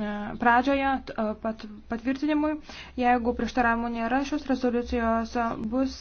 E, pradžioje e, pat, patvirtinimui. Jeigu prieštaravimų nėra, šios rezoliucijos bus